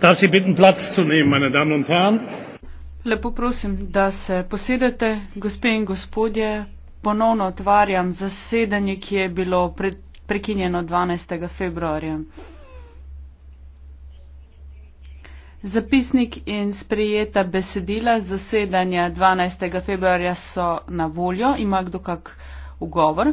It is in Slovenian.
Darf Sie bitten, Platz zu nehmen, meine Damen und Herren? Lepo prosim, da se posedete, gospe in gospodje, ponovno otvarjam zasedanje, ki je bilo pre prekinjeno 12. februarja. Zapisnik in sprejeta besedila zasedanja 12. februarja so na voljo. Ima kdo kak ugovor?